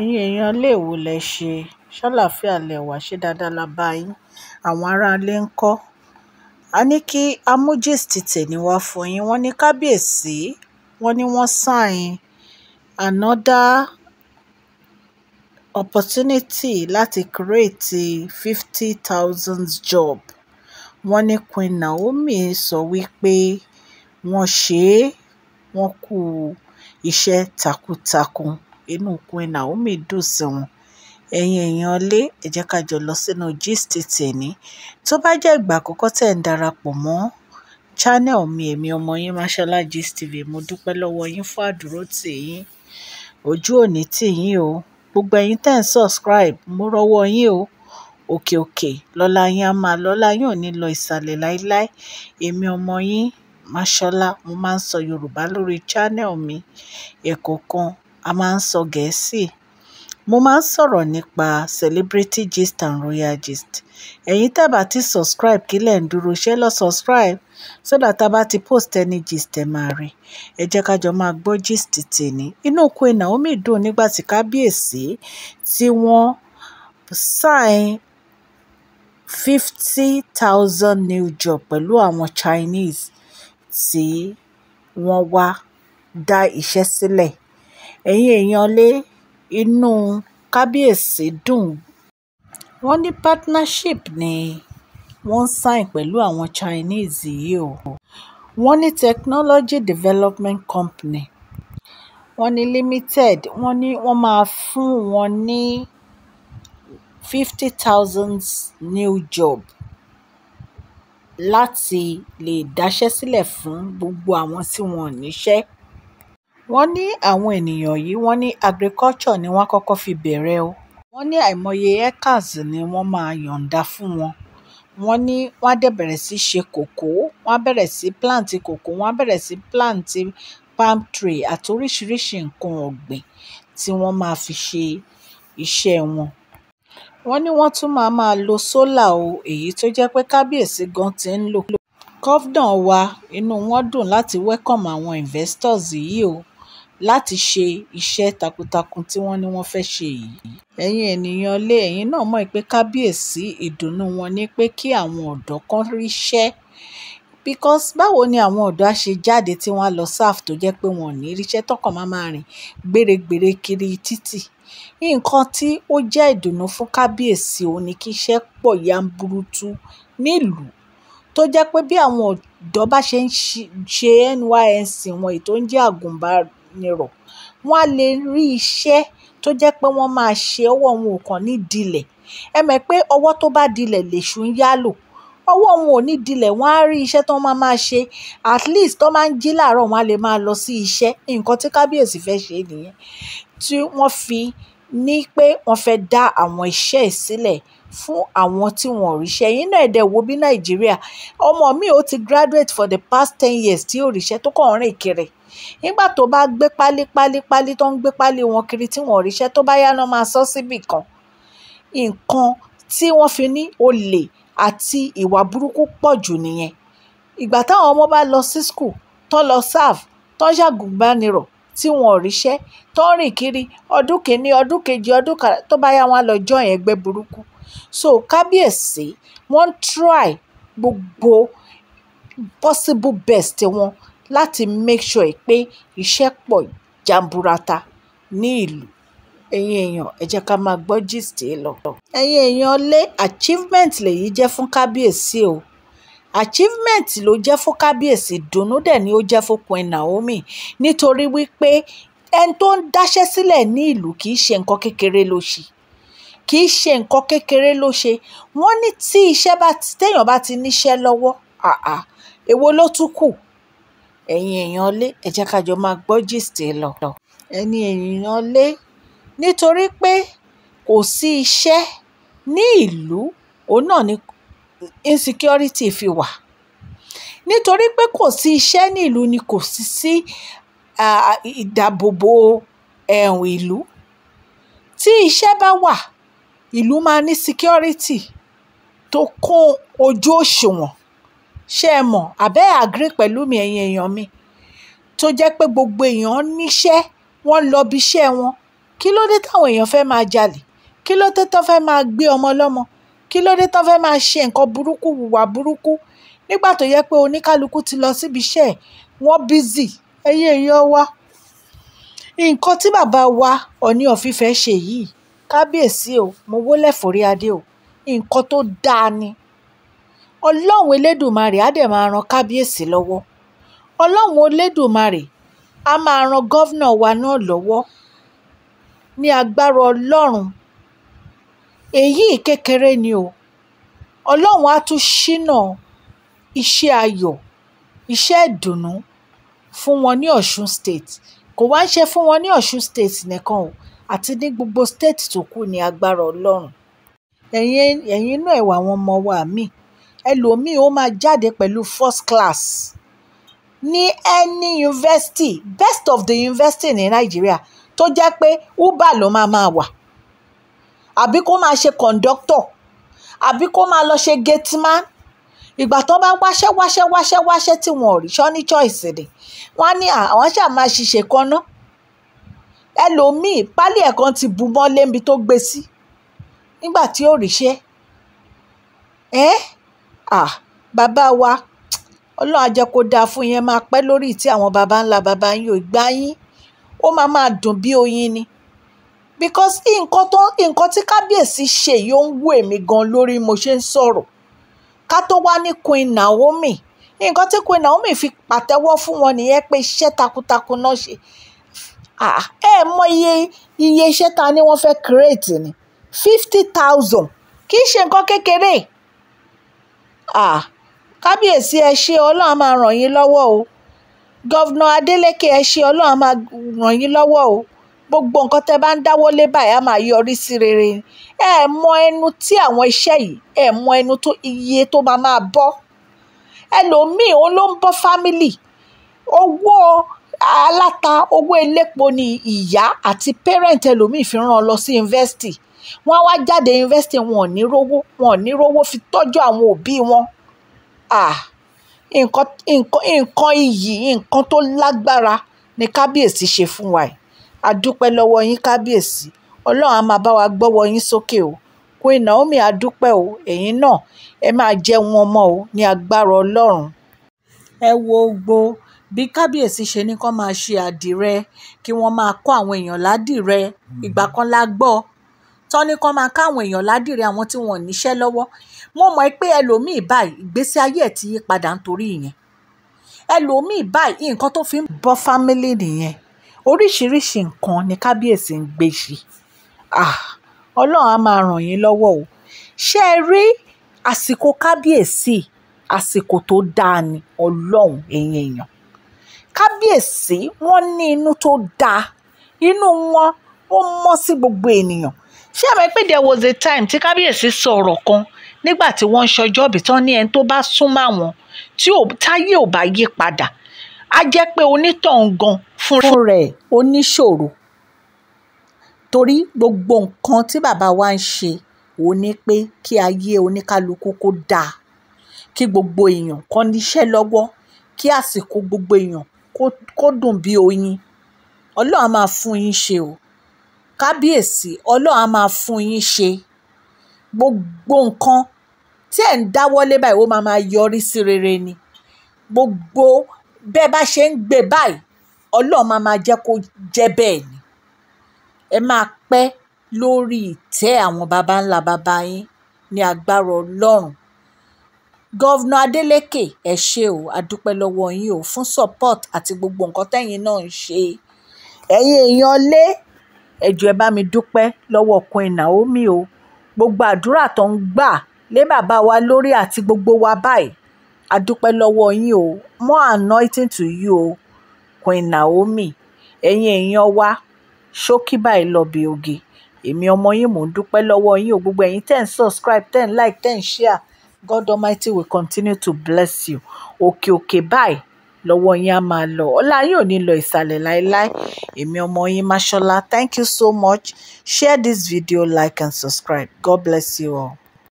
ẹ̀yin èèyàn ilé wo lẹ ṣe ṣàlàáfíà lẹ wá ṣe dáadáa la bá yín àwọn aráalé ńkọ́ a ní kí amújísítì tèmi wá fún yín wọ́n ní kábíyèsí wọ́n ní wọ́n sáìn another opportunity láti create fifty thousand job wọ́n ní Queen Naomi sọ wípé wọ́n ṣe é wọ́n kú iṣẹ́ takuntakun inú Queen Naomi dùn sí wọn ẹ̀yin èèyàn lé ẹ jẹ́ ká jọ lọ sínú gist tèmi tó bá jẹ́ ìgbà àkọ́kọ́ tẹ̀ ń darapọ̀ mọ́ channel mi èmi ọmọ yín Mashola Gist TV mo dúpẹ́ lọ́wọ́ yín fún àdúró tìyín ojú òní tìyín o gbogbo ẹ̀yin tẹ̀ ń subscribe mo rọ́wọ́ yín o òkè òkè lọ́la yín á máa lọ́la yín ò ní lọ ìsàlẹ̀ láíláí èmi ọmọ yín Mashola mo máa ń sọ Yorùbá lórí channel mi ẹ̀kọ̀ọ̀kan a máa ń sọ Gẹ̀ẹ́sì. Mo máa ń sọ̀rọ̀ nípa celebrity gist and royal gist. Ẹ̀yin tá bá ti subscribe kí lẹ̀ ń dúró, ṣé lọ subscribe so that tá bá ti post any gist ẹ máa rí. Ẹ jẹ́ ká jọ máa gbọ́ gist tèmi. Inú Queen Naomi dùn nígbà tí kábíyèsí tí wọ́n sign fifty thousand new job pẹ̀lú àwọn Chinese tí wọ́n wá dá iṣẹ́ sílẹ̀ ẹ̀yin èèyànlé inú kábíyèsí dùn wọ́n ní partnership ni wọ́n sign pẹ̀lú àwọn chinese yìí o wọ́n ní technology development company wọ́n ní limited wọ́n ní wọ́n máa fún wọn ní fifty thousand new job láti lè dáṣẹ́ sílẹ̀ fún gbogbo àwọn tí wọn ò níṣẹ́ wọn ní àwọn èèyàn yìí wọn ní agriculture ni wọn kọkọ fi bẹrẹ o wọn ní àìmọye hectares ni wọn máa yọǹda fún wọn wọn ní wọn á dẹ bẹrẹ sí ṣe kòkó wọn á bẹrẹ sí plant kòkó wọn á bẹrẹ sí plant palm tree àti oríṣiríṣi nǹkan ọ̀gbìn tí wọ́n máa fi ṣe iṣẹ́ wọn wọ́n ní wọ́n tún máa máa lo sólà o èyí tó jẹ́ pé kábíyèsí gan ti ń lò. gọ́fdọ̀n wa inú wọn dùn láti welcome àwọn investors yìí o láti ṣe iṣẹ́ takuntakun tí wọ́n ní wọ́n fẹ́ ṣe yìí. ẹ̀yin ènìyàn ilé ẹ̀yin náà mọ̀ pé kábíyèsí ìdùnnú wọn ni pé kí àwọn ọ̀dọ́ kan ríṣẹ́ because báwo ni àwọn ọ̀dọ́ á ṣe jáde tí wọ́n á lọ sáf tó jẹ́ pé wọn ò ní ríṣẹ́ tọkàn máa máa rìn gbèrègbèrè kiri títì nǹkan tí ó jẹ́ ìdùnnú fún kábíyèsí òun ni kí iṣẹ́ pọ̀ yamburutu nílùú tó jẹ́ pé bí àwọn ọ̀dọ́ bá ṣe ń ṣe nysc wọn èyí tó ń jẹ́ nírọ̀ wọ́n á lè rí iṣẹ́ tó jẹ́ pé wọ́n máa ṣe ọwọ́ wọn ò kàn ní dilẹ̀ ẹ mọ̀ pé ọwọ́ tó bá dilẹ̀ lèṣù ń yálò ọwọ́ wọn ò ní dilẹ̀ wọ́n á rí iṣẹ́ tó máa máa ṣe at least tó máa ń jí làárọ̀ wọ́n á lè máa lọ sí iṣẹ́ nǹkan tí kábíyèsí fẹ́ ṣe nìyẹn tí wọ́n fi ní pé wọ́n fẹ́ dá àwọn iṣẹ́ sílẹ̀ fún àwọn tí wọn ò ríṣẹ́ yín náà ẹ̀dẹ̀ wo bí nàìjíríà ọmọ mi ò ti graduate for the past ten years tí ò ríṣẹ́ tó kàn ń rìn kiri nígbà tó bá gbé pálí pálí pálí tó ń gbé pálí wọn kiri tí wọn ò ríṣẹ́ tó bá yáná máa sọ síbì kan nǹkan tí wọ́n fi ní olè àti ìwà burúkú pọ̀ jù nìyẹn ìgbà táwọn ọmọ bá lọ sí skul tó lọ serve tó ṣàgùnbánirọ̀ tí wọn ò ríṣẹ́ tó ń rìn kiri ọdún kìíní ọdún kejì ọdún kan tó bá yá wọn lọ join ẹgbẹ́ burúkú so kábíyèsí wọ́n try gbogbo possible best wọn láti make sure pé iṣẹ́ pọ̀ jaburata ní ìlú. Ẹ̀yin èèyàn, ẹ jẹ́ ká máa gbọ́ gist yìí lọ. Ẹ̀yin èèyàn lé achievement lèyí jẹ́ fún kábíyèsí o. Achievement ló jẹ́ fún kábíyèsí, dùnnú dẹ̀ ni ó jẹ́ fún Queen Naomi nítorí wípé ẹni tó ń dáṣẹ́ sílẹ̀ ní ìlú kì í ṣe nǹkan kékeré ló ṣe kì í ṣe nǹkan kékeré ló ṣe wọ́n ní tí iṣẹ́ bá ti téèyàn bá ti níṣẹ́ lọ́wọ́ èwo ló tún kù ẹ̀yin èèyàn ilé ẹ jẹ́ ká jọ máa gbọ́ gist lọ. ẹni èèyàn ilé nítorí pé kò sí iṣẹ́ ní ìlú òun náà ni insecurity fi wà nítorí pé kò sí iṣẹ́ ní ìlú ni kò sí sí ìdáàbòbò ẹ̀hún ìlú tí iṣẹ́ bá wà ìlú máa ní security tó kún ojú òṣùwọ̀n ṣé ẹ mọ̀ àbẹ́ agree pẹ̀lú mi ẹ̀yin èèyàn mi tó jẹ́ pé gbogbo èèyàn níṣẹ́ wọ́n lọ bí iṣẹ́ wọn kí ló dé táwọn èèyàn fẹ́ máa jalè kí ló dé tán fẹ́ máa gbé ọmọ lọ́mọ kí ló dé tán fẹ́ máa ṣe nǹkan burúkú wùwà burúkú nígbà tó yẹ pé oníkálukú ti lọ síbi iṣẹ́ wọ́n bízì ẹ̀yin èèyàn wa nǹkan tí bàbá wa Ọọ̀ni of ṣe yìí kábíyèsí o mo wólẹ̀ forí adé o nǹkan tó dáa ni ọlọ́run elédùmarè á dẹ̀ máa ran kábíyèsí lọ́wọ́ ọlọ́run elédùmarè á máa ran gọ́vnà wa náà lọ́wọ́ ní agbára ọlọ́run èyí kékeré ni o ọlọ́run á tún ṣínà iṣẹ́ ayọ̀ iṣẹ́ ìdùnnú fún wọn ní ọ̀ṣun state kò wá ń ṣe fún wọn ní ọ̀ṣun state nìkan o àti ní gbogbo state tó kù ní agbára ọlọ́run ẹ̀yin náà ẹ̀wà àwọn ọmọ wa míì ẹlòmíì ó máa jáde pẹ̀lú first class ní any university best of the university ní nàìjíríà tó jẹ́ pé uber ló máa máa wà àbí kó máa ṣe conductor àbí kó máa lọ ṣe gate man ìgbà tó bá wáṣẹ́ wáṣẹ́ wáṣẹ́ wáṣẹ́ tí wọn rí ṣọ́ choice ni wọ́n ní àwọn ṣáà máa ṣiṣẹ́ kan ná ẹlòmíì pálí ẹ̀kan ti bu mọ́lé níbi tó gbé sí nígbà tí ó ríṣẹ́ ẹ́ eh? Ah! Bàbá wa, Ọlọ́run a jẹ́ kó dáa fún yín, ẹ máa pẹ́ lórí ìtẹ́ àwọn baba ńlá baba yín o, ìgbà yín ó máa máa dùn bí oyin ni. Because nǹkan tó, nǹkan tí kábíyèsí ṣe yìí ó ń wù èmi gan lórí mo ṣe ń sọ̀rọ̀. Ká tó wá ní Queen Naomi, nǹkan tí Queen Naomi fi pàtẹ́wọ́ fún wọn nìyẹn pé iṣẹ́ takuntakun náà ṣe. Ah! Ẹ mọ iye, iye iṣẹ́ ta ni wọ́n fẹ́ create ni. Fifty thousand. Kì í ṣe nǹkan kékeré háà kábíyèsí ẹ ṣé ọlọ́run á máa ràn yín lọ́wọ́ o gọ́vnà adeleke ẹ ṣé ọlọ́run á máa ràn yín lọ́wọ́ o gbogbo nǹkan tẹ́ bá ń dáwọ́ lé báyìí máa yọrí sí rere ẹ mọ ẹnu tí àwọn iṣẹ́ yìí ẹ mọ ẹnu tó iye tó máa máa bọ́ ẹlòmíì òun ló ń bọ́ fámìlì owó aláta owó elépo ni ìyá àti pẹ́rẹ́ǹtì ẹlòmíì fi ràn lọ sí yunifásitì wọ́n á wá jáde yunifásitì wọn ò ní rówó wọn ò ní rówó fi tọ́jú àwọn òbí wọn nǹkan iyì nǹkan tó lágbára ni kábíyèsí ṣe fún wa yìí a dúpẹ́ lọ́wọ́ yín kábíyèsí ọlọ́run á máa bá wa gbọ́wọ́ yín sókè o Queen Naomi a dúpẹ́ o ẹ̀yin náà ẹ máa jẹun ọmọ o ní agbára ọlọ́run. ẹ wo gbogbo bí kábíyèsí ṣe ní kán máa ṣe àdìrẹ kí wọ́n máa kó àwọn èèyàn ládìrẹ ìgbà kan la gbọ́ tán ní kán máa káwọn èèyàn ládìrẹ àwọn tí wọn ò níṣẹ́ lọ́wọ́ mo mọ̀ pé ẹlòmíì báyìí ìgbésí ayé ẹ̀ ti yí padà nítorí ìyẹn ẹlòmíì báyìí nǹkan tó fi ń bọ́ fámílì nìyẹn oríṣiríṣi nǹkan ni kábíyèsí ń gbé ṣe ọlọ́run á máa ràn yín lọ́wọ́ o ṣé ẹ rí àsìkò kábíyèsí àsìkò tó dáa ni ọlọ́run ẹ̀yin èèyàn kábíyèsí wọ́n ní inú tó dáa inú wọn ó mọ́ sí gbogbo ènìyàn ṣé àmọ́ pé there was a time tí kábíyèsí sọ ọ̀rọ̀ kan nígbà tí wọ́n ń ṣọjọ́ ìbí tán ní ẹni tó bá súnmọ́ àwọn tí táyé ò bá yí padà á jẹ́ pé onítọ̀hún gan fún rẹ̀ oníṣòro torí gbogbo nǹkan tí bàbá wa ń ṣe ò ní pé kí ayé oníkálukú kó dáa kí gbogbo èèyàn kan níṣẹ́ lọ́wọ́ kí àsìkò gbogbo èèyàn kó dùn bí oyin ọlọ́run máa fún yín ṣe o kábíyèsí ọlọ́run á máa fún yín ṣe gbogbo nǹkan tí ẹ̀ ń dáwọ́lé báyìí ó máa máa yọrí sí rere ni gbogbo bẹ́ẹ̀ bá ṣe ń gbé báyìí ọlọ́run máa máa jẹ́ kó jẹ́ bẹ́ẹ̀ ni ẹ máa pẹ́ lórí ìtẹ́ àwọn baba ńlá baba yín ní agbára ọlọ́run gọ́vnà Adeleke ẹ ṣé o adúpẹ́ lọ́wọ́ yín o fún support àti gbogbo nǹkan tẹ́yìn náà ń ṣe ẹ̀yin èèyàn lé ẹ jọ̀ọ́ ẹ bá mi dúpẹ́ lọ́wọ́ Queen Naomi o gbogbo àdúrà tó ń gbà lé bàbá wa lórí àti gbogbo wa báyìí a dúpẹ́ lọ́wọ́ yín o more anointing to you o Queen Naomi ẹ̀yin èèyàn wa ṣókí báyìí lọ bí oge èmi ọmọ yín mò ń dúpẹ́ lọ́wọ́ yín o gbogbo ẹ̀yin ten subscribe ten like ten share God Almighty will continue to bless you Okay. Okay. Bye lọ́wọ́ yín á máa lọ ọlá yín ò ní lọ ìsàlẹ̀ láéláé èmi ọmọ yín Mashola thank you so much share this video like and subscribe god bless you all.